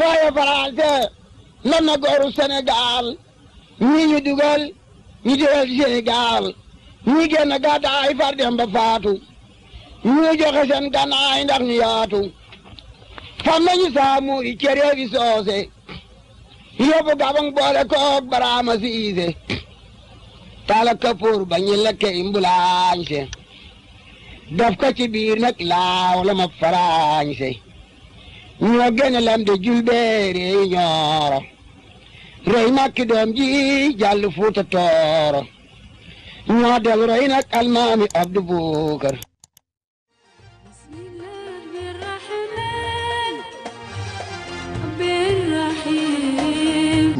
waaye Faranse man na gooru Sénégal ñii ñu dugal ñu dugal Sénégal ñii génn gàddaay far dem faatu ñii joxe seen gànnaay ndax ñu yaatu fam nañu saamu i soose yóbbu gabang boole koog baraama siise tala kapoor ba ñi lekke imbulaañse daf ko ci laaw la ma faraañse ñoo gën a lam de julbeere yi ñooro roy makki doom ji jàll fuuta tooro ñoo del roy almaami abdu buukar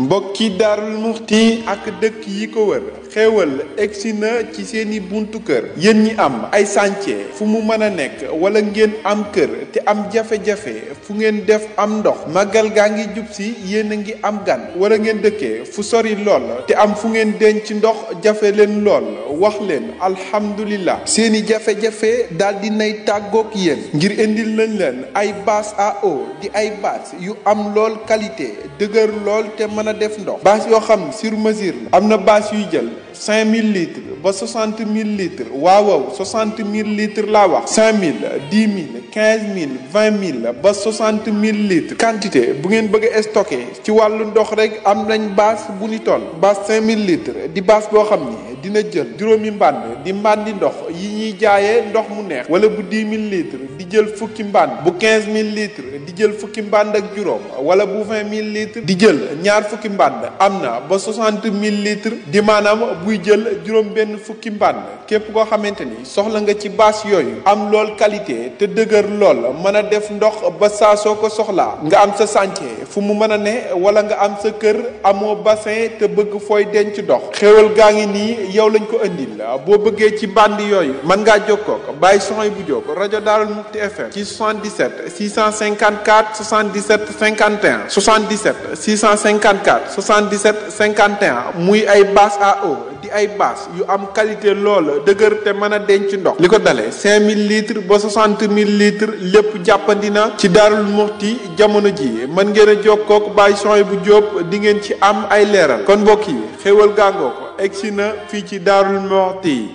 mbokki daarul muxti ak dëkk yi ko wër xéewal egsi na ci seeni buntu kër yéen ñi am ay chantier fu mu mën a nekk wala ngeen am kër te am jafe-jafe fu ngeen def am ndox màggal gaa ngi jub si yéen a ngi am gan wala ngeen dëkkee fu sori lool te am fu ngeen denc ndox jafe leen lool wax leen alhamdulillah seeni jafe-jafe daal di nay tàggook yéen ngir indil nañ leen ay bâche à eau di ay bâche yu am lool qualité dëgër lool te mën a def ndox baas yoo xam sur mesure la am na baas yuy jël cinq mille litres ba soixante mille litres waaw waaw mille litres laa wax cinq mille dix mil quinze mille vingt mille ba soixante mille litres quantité bu ngeen bëgg a stocké ci wàllu ndox rek am nañu bâche bu ñu toll bâche cinq mille litres di bâche boo xam ni dina jël juróomi mbànd di mbàndi ndox yi ñuy jaayee ndox mu neex wala bu dix mille litres di jël fukki mbànd bu quinze mille litre di jël fukki mbànd ak juróom wala bu vingt mille litres di jël ñaar fukki mbànd am na ba soixante mille litre di maanam buy jël juróom benn fukki mbànd képp koo xamante ni soxla nga ci bâche yooyu am lool qualité te dëgër lool mën a def ndox ba saa soo ko soxla nga am sa chantier fu mu mën a ne wala nga am sa kër amoo bassin te bëgg fooy denc dox xéwal gaa ngi nii yow lañ ko indil ah, boo bëggee ci bandi yooyu mën ngaa jokkoo ko bàyyi son yi bu jokko rajo Daarul Mufti FM ci 77 654 77 51 77 654 77 51 muy ay basse à di ay basse yu am qualité lool dëgër te mën a denc ndox li ko dalee 5000 litres ba 60000 litres lépp jàppandi na ci Daarul Mufti jamono ji mën ngeen a jokkoo ak bàyyi son yi bu jóob di ngeen ci am ay leeral kon mbokk yi xéwal gàngoo ko egsi na fii ci Daarul Muxti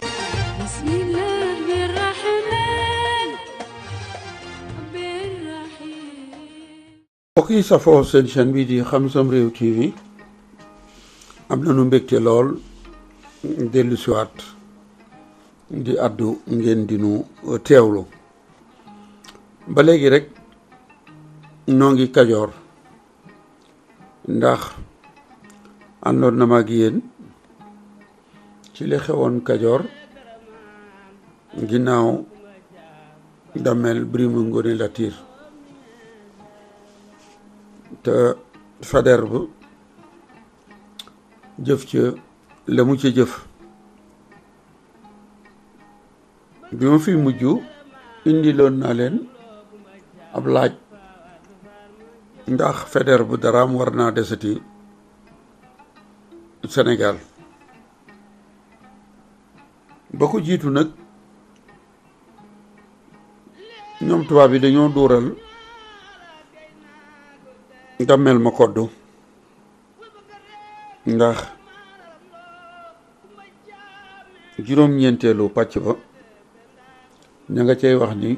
mbokk yi safoo seen chaîne bi di Xam Sam Réew TV am nañu mbégte lool dellu siwaat di àddu ngeen di nu teewlu ba léegi rekk noo ngi kajoor ndax àndoon na ma ak ci li xewoon Kajoor ginnaaw damel Birima Ngóone Latiir te Faidherbe jëf ca la mu ca jëf bi ma fi mujj indiloon naa leen ab laaj ndax Faidherbe daraam war naa desati Sénégal ba ko jiitu nag ñoom tubaab yi dañoo dóoral dammel ma koddu ndax juróom-ñeenteelu pàcc ba ñu nga cee wax ni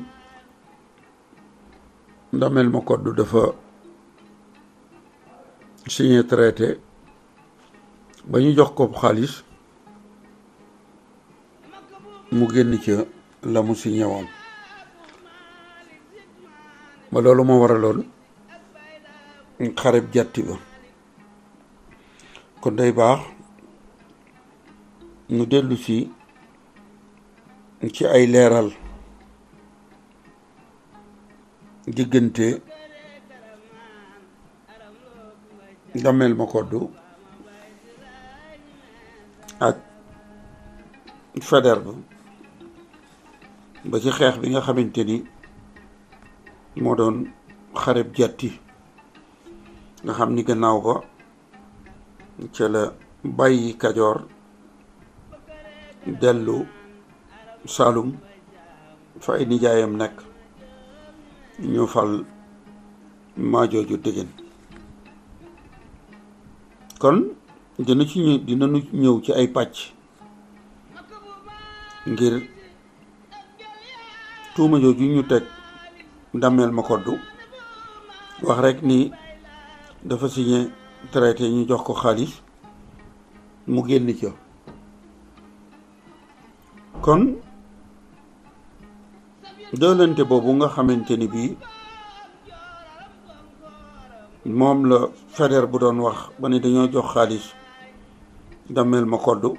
dammel ma koddu dafa signé traité ba ñu jox ko xaalis mu génn ca la mu si ñëwoon ba loolu moo waraloon xareb jàtti ba kon day baax nu dellu si ci ay leeral diggante Damel Makoddu ak ba ba ci xeex bi nga xamante ni moo doon xareb jàtti nga xam ni gannaaw ba ca la bàyyi kajoor dellu Saalum fa ay nijaayam nekk ñu fal maajooju dëgën kon dina ci ñëw dina ñu ñëw ci ay pàcc ngir tuuma jooju ñu teg Damel Makoddu wax rek nii dafa signé traité ñu jox ko xaalis mu génn ca kon doolante boobu nga xamante ni bii moom la Faidherbe bu doon wax ba ne dañoo jox xaalis Damel Makoddu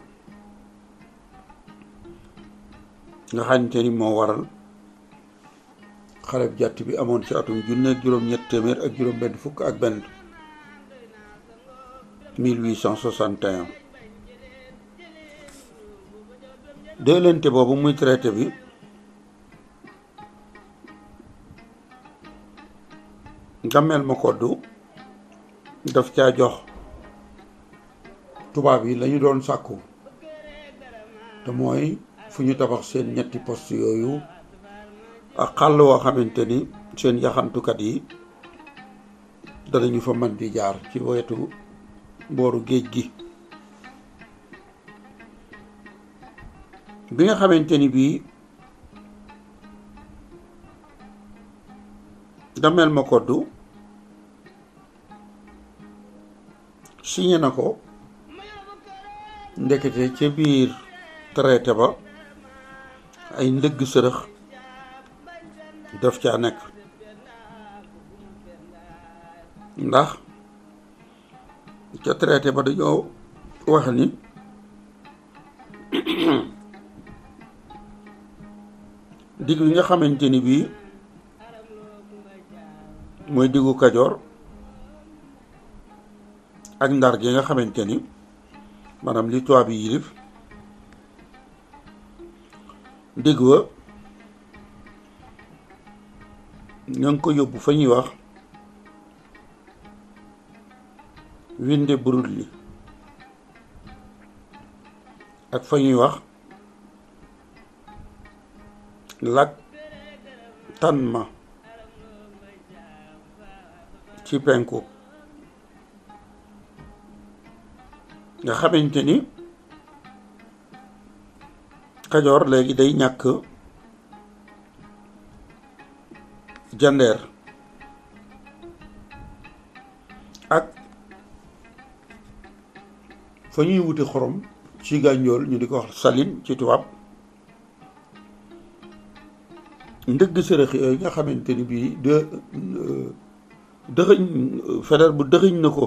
nga xamante ni moo waral xareb jàtt bi amoon ci atum junne ak juróom-ñett téeméer ak juróom-benn fukk ak benn 1861 déelante boobu muy traité bi Damel Makoddu daf caa jox tubaab yi lañu doon sàkku te mooy fu ñu tabax seen ñetti poste yooyu ak xàll woo xamante ni seen yaxantukat yi danañu fa man di jaar ci wetu booru géej gi bi nga xamante ni bii dameel ma koddu signé na ko ndekete ca biir traité ba ay ndëgg sërëx def caa nekk ndax ca traité ba dañoo wax ni digg bi nga xamante ni bii mooy diggu kajoor ak ndar gi nga xamante ni maanaam li tubaab yi yilif digg wa ñoo ngi ko yóbbu fa ñuy wax winde burut li ak fa ñuy wax lak tanma ci penku nga xamante ni Kajoor léegi day ñàkk jandeer ak fa ñuy wuti xorom ci gànjool ñu di ko wax saline ci tubaab ndëgg sërëx yooyu nga xamante ni bii de euh, dëxëñ feder bu dëxëñ na ko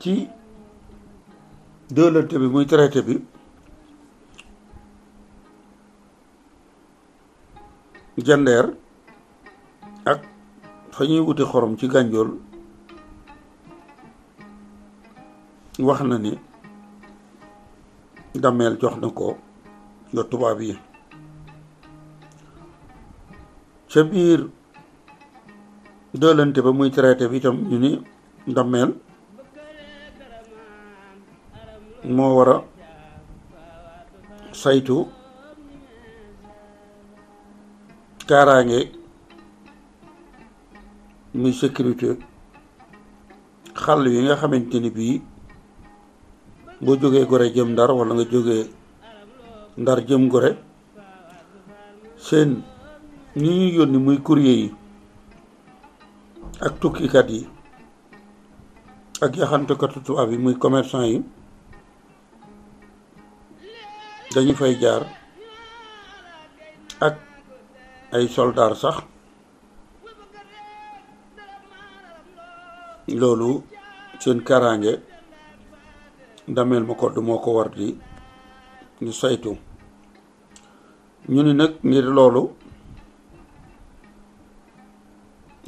ci dëlante bi muy traité bi jandeer ak fa ñuy wuti xorom ci gànjool wax na ni dameel jox na ko nga tubaab yi ca biir dëlante ba muy traité bi itam ñu ni dameel moo war a saytu kaaraange muy sécurité xàll yi nga xamante ni bii boo jógee Gorée jëm Ndar wala nga jógee Ndar jëm gore seen ñu ñuy yónni muy courrier yi ak tukkikat yi ak yaxantukatu tubaab yi muy commerçant yi dañu fay jaar ak ay soldaar sax loolu seen kaaraange dameel ma kodd moo ko war di ñu saytu ñu ni nag ngir loolu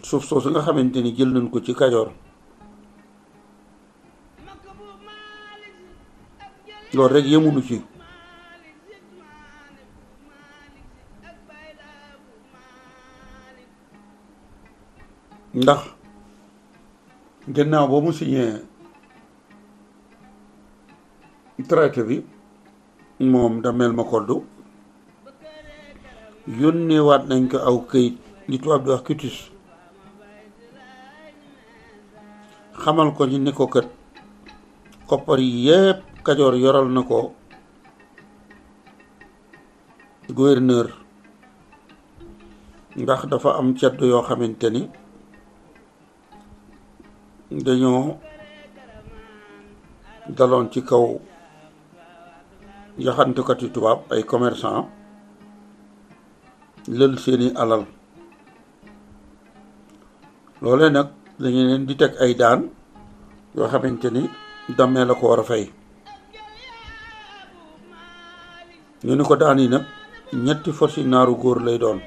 suuf soosu nga xamante ni jël nañ ko ci Kajoor loolu rek yemunu ci ndax Ginnaaw ba mu signé traité bi moom Damel Makoddu yónneewaat nañ ko aw këyit li tubaab di wax quitus xamal ko ni ko kat koppar yi yépp Kajoor yoral na ko gouverneur ndax dafa am ceddo yoo xamante ni dañoo daloon ci kaw yaxantukat yu tubaab ay commerçant lël seeni alal loole nag dañu leen di teg ay daan yoo xamante ni dammee la ko war a fay ñu ni ko daan yi nag ñetti fasi naaru góor lay doon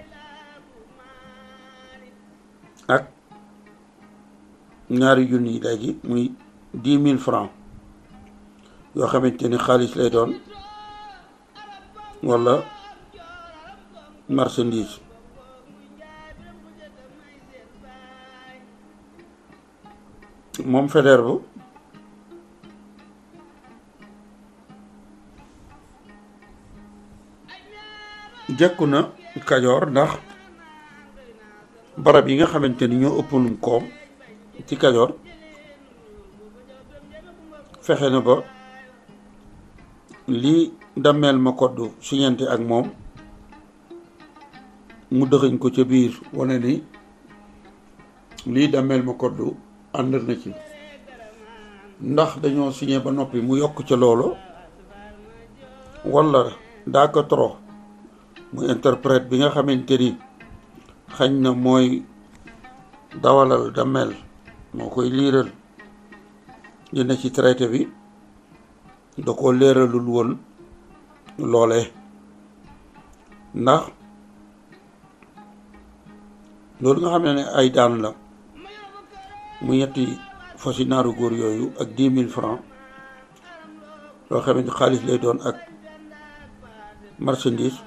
ñaari junni lay muy dix mille francs yoo xamante ni xaalis lay doon wala marchandise moom fedeer bu jekku na kajoor ndax barab yi nga xamante ni ñoo ëpp koom ci Kajoor fexe na ba lii dammeel ma koddu siñante ak moom mu dëxëñ ko ca biir wane ni lii dammeel ma koddu ànd na ci ndax dañoo signé ba noppi mu yokk ca loolu wala daaka trop mu interprète bi nga xamante ni xañ na mooy dawalal dammeel moo koy liiral li ci traité bi da ko leeralul woon loole ndax loolu nga xam ne ay daan la mu ñetti fasi naaru góor yooyu ak dix mille francs loo xam ne xaalis lay doon ak marchandise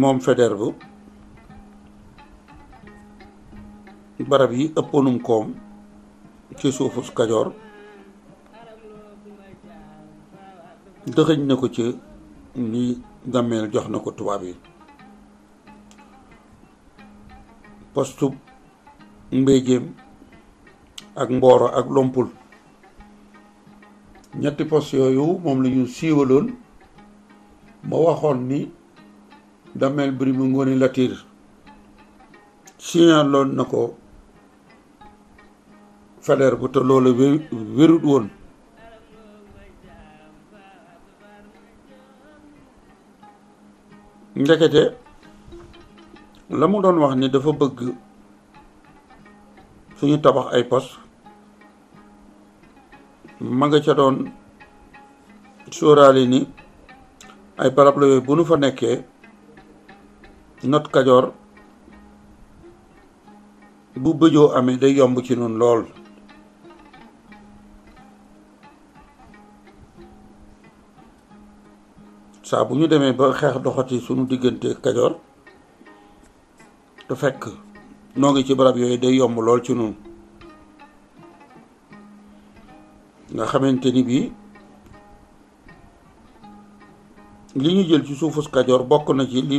moom feder bu ci barab yi ëppoonum koom ci suufu Kajoor dëxëñ na ko ci li Dameel jox na ko tubaab yi postu Mbéjéem ak Mbooro ak Lompul ñetti post yooyu moom lañu siiwaloon ma waxoon ni Dameel Birima Ngóone Latiir siñaaloon na ko faleer ko te loola wérut woon ndekete la mu doon wax ni dafa bëgg suñu tabax ay pos ma nga ca doon sóoraale ni ay barab bu nu fa nekkee not kajoor bu bëjoo amee day yomb ci noonu lool saa bu ñu demee ba xeex doxati suñu diggante kajoor te fekk noo ngi ci barab yooyu day yomb lool ci noonu nga xamante ni bii li ñu jël ci suufus kajoor bokk na ci li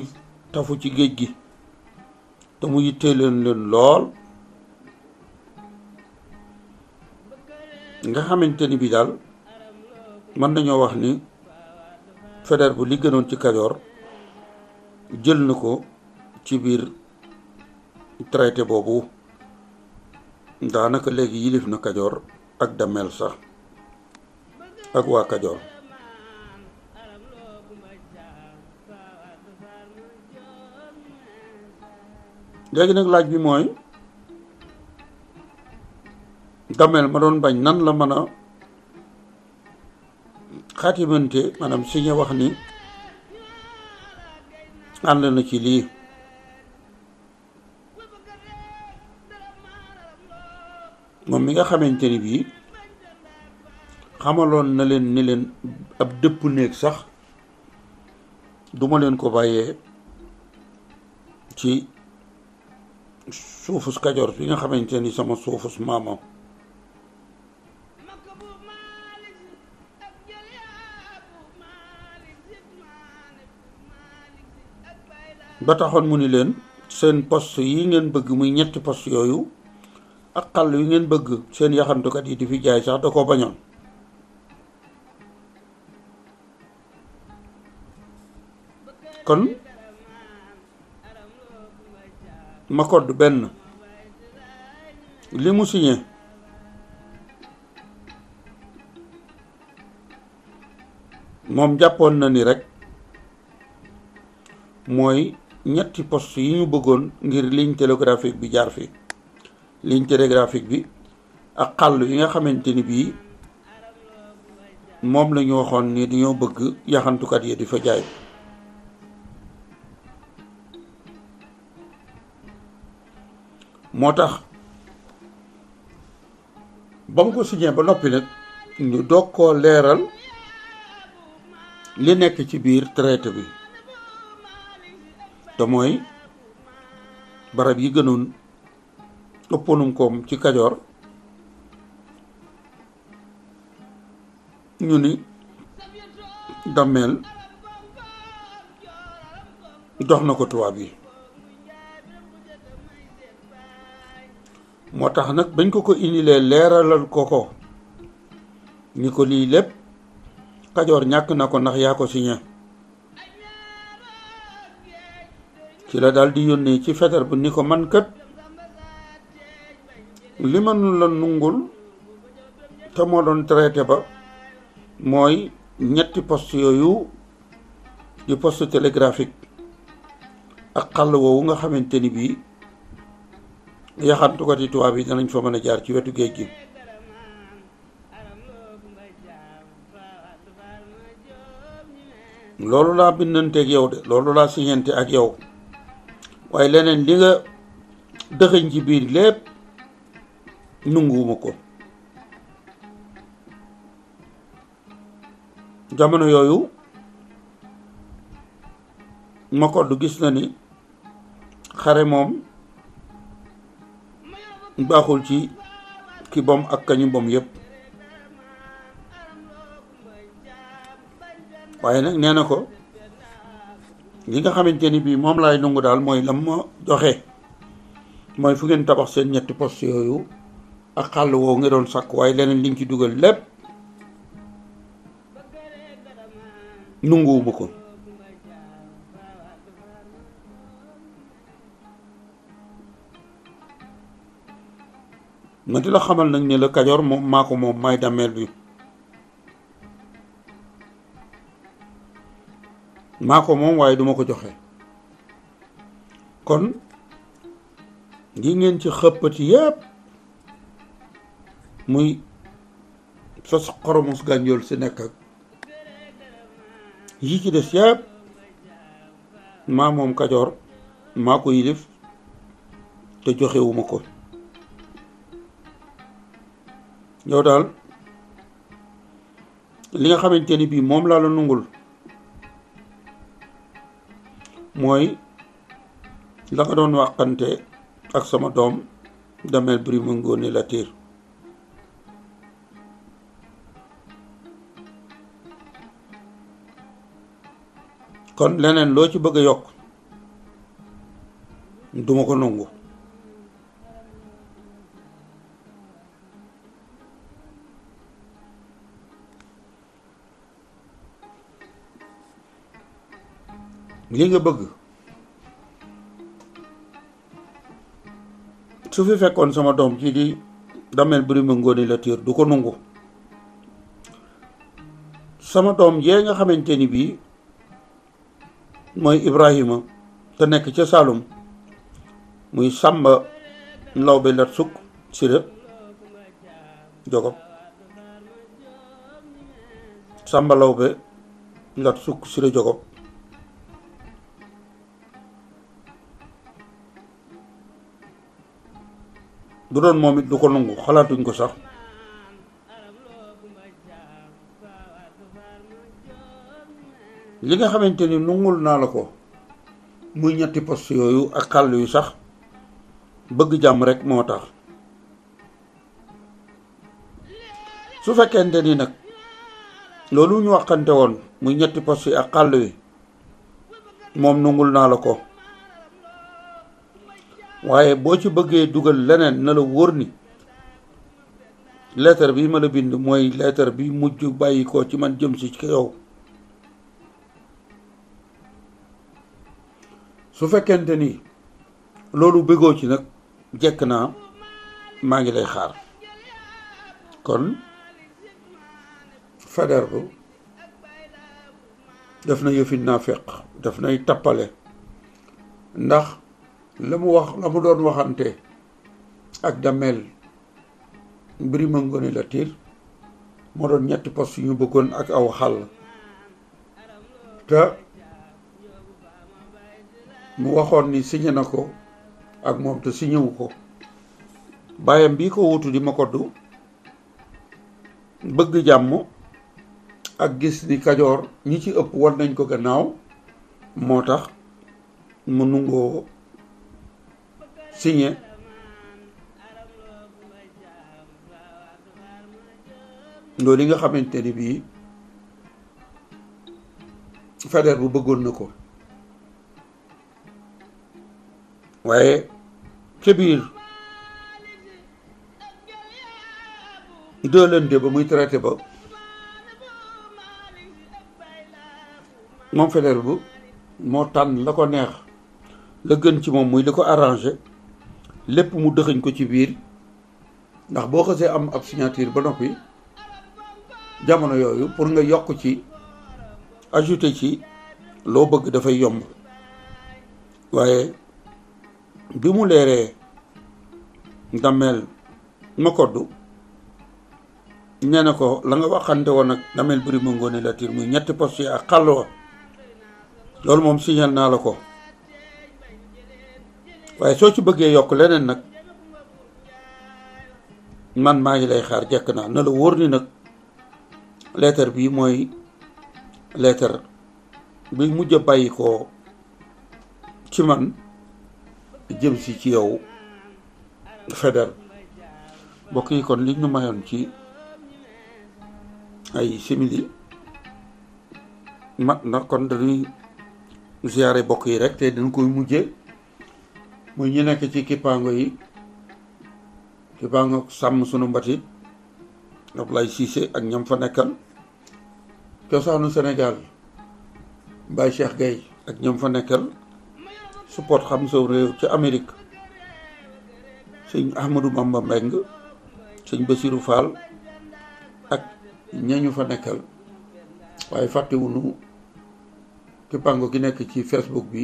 tafu ci géej gi te mu yittee leen leen lool nga xamante ni bii daal mën nañoo wax ni Faidherbe bu li gënoon ci Kajoor jël na ko ci biir traité boobu daanaka léegi yilif na Kajoor ak Damel sax ak waa Kajoor léegi nag laaj bi mooy Damel ma doon bañ nan la mën a xatimante maanaam si nga wax ni ànd na ci lii moom mi nga xamante ni bii xamaloon na leen ni leen ab dëpp néeg sax duma leen ko bàyyee ci suufus kajoor bi nga xamante ni sama suufus maama ba taxoon mu ni leen seen poste yi ngeen bëgg muy ñetti poste yooyu ak xàll yu ngeen bëgg seen yaxantukat yi di fi jaay sax da koo bañoon kon ma kodd benn li mu signé moom jàppoon na ni rek mooy ñetti poste yi ñu bëggoon ngir ligne télégraphique bi jaar fi ligne télégraphique bi ak xàll yi nga xamante ni bii moom lañu waxoon ni dañoo bëgg yaxantukat yi di fa jaay moo tax ba mu ko signé ba noppi nag ñu dog koo leeral li nekk ci biir trait bi te mooy barab yi gënoon ëppoonum koom ci kajoor ñu ni dammeel jox na ko tubaab yi moo tax nag bañ ko ko indilee leeralal ko ko ni ko lii lépp kajoor ñàkk na ko ndax yaa ko signé ci la daal di yónnee ci fetar bu ni ko man kat li mënu nungul te moo doon traité ba mooy ñetti poste yooyu di poste télégraphique ak xàll woowu nga xamante ni bii yaxantukat yi tubaab yi danañ fa mën a jaar ci wetu géej gi loolu laa bindanteeg yow de loolu laa siñante ak yow waaye leneen li nga dëxëñ ci biir lépp nunguwuma ko jamono yooyu ma ko du gis na ni xare moom baaxul ci ki bom ak kañu bom yépp waaye nag nee ko li nga xamante ni bii moom laay nangu daal mooy lam ma joxe mooy fu ngeen tabax seen ñetti poste yooyu ak xàll woowu nga doon sàkk waaye leneen liñ ci dugal lépp nanguwuma ko ma la xamal nag ne la bi maa ko moom waaye duma ko joxe kon lii ngeen ci xëppati yépp muy sos xoromus gànjool si nekk ak yi ci des yépp maa moom kajoor maa ko yilif te joxewuma ko yow daal li nga xamante ni bii moom laa la nungul mooy la nga doon waxante ak sama doom damel Birima Ngóone Latiir kon leneen loo ci bëgg a yokk duma ko nangu li nga bëgg su fi fekkoon sama doom ci di damel Birima Ngóone Latiir du ko nungu sama doom jee nga xamante ni bii mooy Ibrahima te nekk ca Saalum muy Sàmba Lawbe Lat Sukk Sira Jogob Sàmba Lawbe Lat Sukk Sira Jogob du doon moom it du ko nangu xalaatuñ ko sax li nga xamante ni nungul naa la ko muy ñetti poste yooyu ak xàll yu sax bëgg jàmm rek moo tax su fekkente ni nag loolu ñu waxante woon muy ñetti yi ak xàll yi moom nungul naa la ko waaye boo ci bëggee dugal leneen na la wóor ni lettre bi ma la bind mooy lettre bi mujj bàyyi ko ci man jëm si ci yow su fekkente ni loolu bëggoo ci nag jekk naa maa ngi lay xaar kon Faidherbe def na yëfi naafeq def nay tappale ndax lamu mu wax la doon waxante ak damel Birima Ngone Latyr moo doon ñetti poste yu bëggoon ak aw xàll te mu waxoon ni signé na ko ak moom te signé wu ko bàyyam bii ko wutu di ma ko du bëgg jàmm ak gis ni kajoor ñi ci ëpp war nañ ko gannaaw moo tax mu nungoo signé loolu nga xamante ni bii bu bëggoon na ko waaye ca biir Il muy traité ba moom bu moo tànn la neex la gën ci muy arrangé lépp mu dëxëñ ko ci biir ndax boo xasee am ab signature ba noppi jamono yooyu pour nga yokk ci ajouter ci loo bëgg dafay yomb waaye bi mu leeree dameel ma koddu nee ko la nga waxante woon ak dameel Birima Ngóone Latiir muy ñetti poste yi ak xàll wa loolu moom signal naa la ko waaye soo ci bëggee yokk leneen nag man maa ngi lay xaar jekk naa na la wóor ni nag leetar bii mooy leetar bi mujj a bàyyi ko ci man jëm si ci yow feder mbokk yi kon liñ mayoon ci ay simili mat na kon dañuy ziyaare bokk yi rek te dañ koy mujje muy ñu nekk ci kippaango yi kippaango sàmm sunu mbati Ablaye Cissé ak ñam fa nekkal cosaanu senegaal Baye Cheikh Gueye ak ñam fa nekkal support xam sa réew ci Amérique sëñ Ahmadou Bamba Mbeng sëñ Basirou Fall ak ñañu fa nekkal waaye fàttewunu kippaango gi nekk ci Facebook bi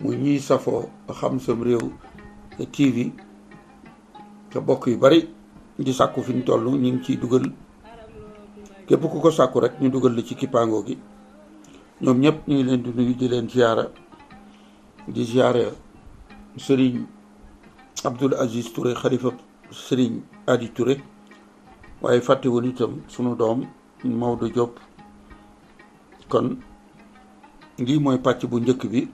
muy ñiy safoo xam sam réew TV te bokk yu bari di sàkku fi ñu toll ñu ngi ciy dugal képp ku ko sàkku rek ñu dugal la ci kippaango gi ñoom ñëpp ñu ngi leen di nuyu di leen ziyaara di ziyaara Serigne Abdoul Aziz Touré xalifa sëriñ Adi Touré waaye fàtte woon itam sunu doom Maodo Diop kon ngi mooy pàcc bu njëkk bi.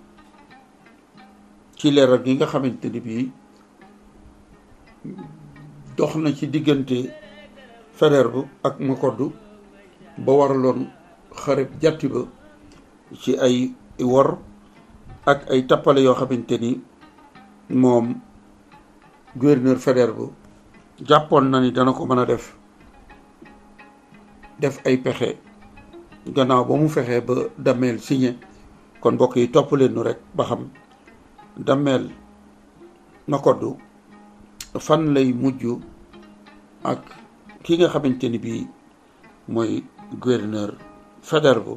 ci leeral gi nga xamante ni bii dox na ci diggante Faidherbe ak Makoddu ba warloon xareb jàtti ba ci ay wor ak ay tappale yoo xamante ni moom gouverneur Faidherbe jàppoon na ni dana ko mën a def def ay pexe gannaaw ba mu fexee ba dameel signé kon mbokk yi topp leen rek ba xam dammeel na koddu fan lay mujj ak ki nga xamante ni bii mooy gouverneur Faidherbe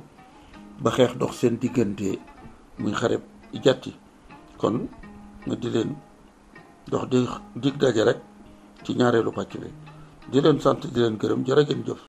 ba xeex dox seen diggante muy xareb jàtti kon nga di leen dox di dig daje rek ci ñaareelu pàcc bi di leen sant di leen gërëm jërë ngeen jëf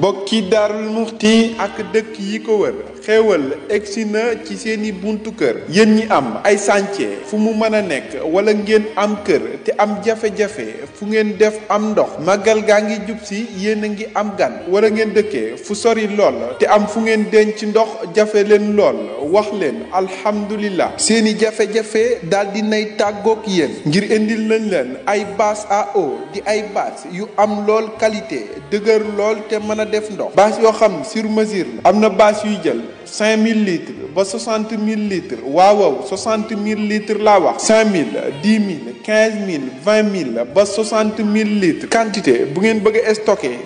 mbokki daarul muxti ak dëkk yi ko wër xéewal egsi na ci seeni buntu kër yéen ñi am ay sànce fu mu mën a nekk wala ngeen am kër te am jafe-jafe fu ngeen def am ndox màggal gaa ngi jub si yéen a ngi am gan wala ngeen dëkkee fu sori lool te am fu ngeen denc ndox jafe leen lool wax leen alhamdulillah seeni jafe-jafe daal di nay tàggook yéen ngir indil nañ leen ay basse à eau di ay basse yu am lool qualité dëgër lool te mën a def ndox bâche yoo xam sur mesure am na bâche yuy jël cinq mille ba soixante mille litres waaw waaw soixante mille litres laa wax cinq mille dix mille quinze mille vingt mille ba soixante mille litres quantité bu ngeen bëgg a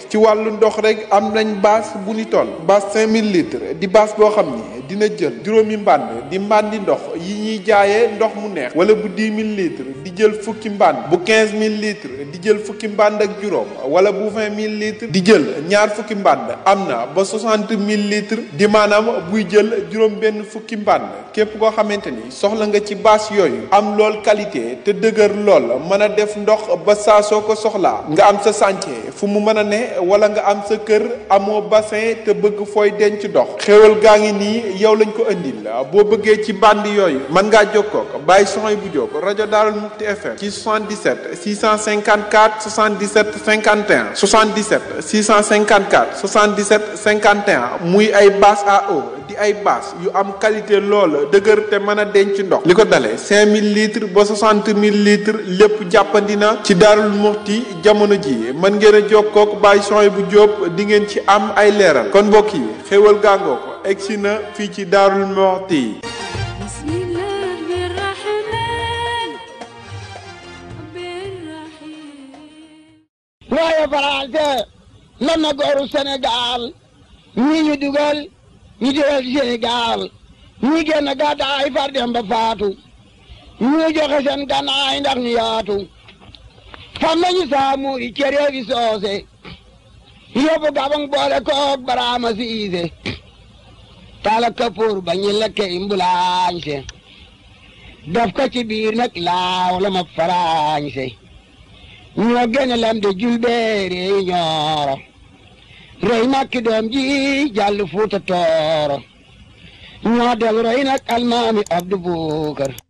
ci wàllu ndox rek am nañ baas bu ni toll baas cinq mille litre di baas boo xam ni dina jël juróomi mbànd di mbàndi ndox yi ñuy jaayee ndox mu neex wala bu dix mille litres di jël fukki mbànd bu quinze mille litres di jël fukki mbànd ak juróom wala bu vingt mille litres di jël ñaar fukki mbànd am na ba soixante mille litres di maanaam buy jël juróom benn fukki mbànn képp koo xamante ni soxla nga ci baas yooyu am lool qualité te dëgër lool mën a def ndox ba saa soo ko soxla nga am sa chantier fu mu mën a ne wala nga am sa kër amoo bassin te bëgg fooy denc ndox xéwal gaa ngi nii yow lañ ko indil boo bëggee ci bànd yooyu mën ngaa jóg ko bàyyi soxna bu jóg rajo Daarul Mufti FM ci 77 654 77 51 77 654 77 51 muy ay basse à eau di ay baas yu am qualité loola dëgër te mën a denc ndox li ko dalee cinq mille litres ba soixante mille litres lépp jàppandi na ci Daarul Muxti jamono ji mën ngeen a jokkook Baye Soy bu Jóob di ngeen ci am ay leeral kon mbokk yi xéwal gàngoo ko egsi na fii ci Daarul Muxti waaye Faransé na gooru Sénégal ñi tëral Sénégal ñi génn gàddaay far dem faatu ñi joxe seen gànnaay ndax ñu yaatu fam nañu saamu soose yóbbu gabang boole koog baraama siise tala kapoor ba ñi lekke imbulaañse def ko ci biir ma faraañse ñoo génn lam de julbeere yi ñooro roy makki doom ji jàll fuuta tooro ñoo del roy nag almaami Abdu Bukar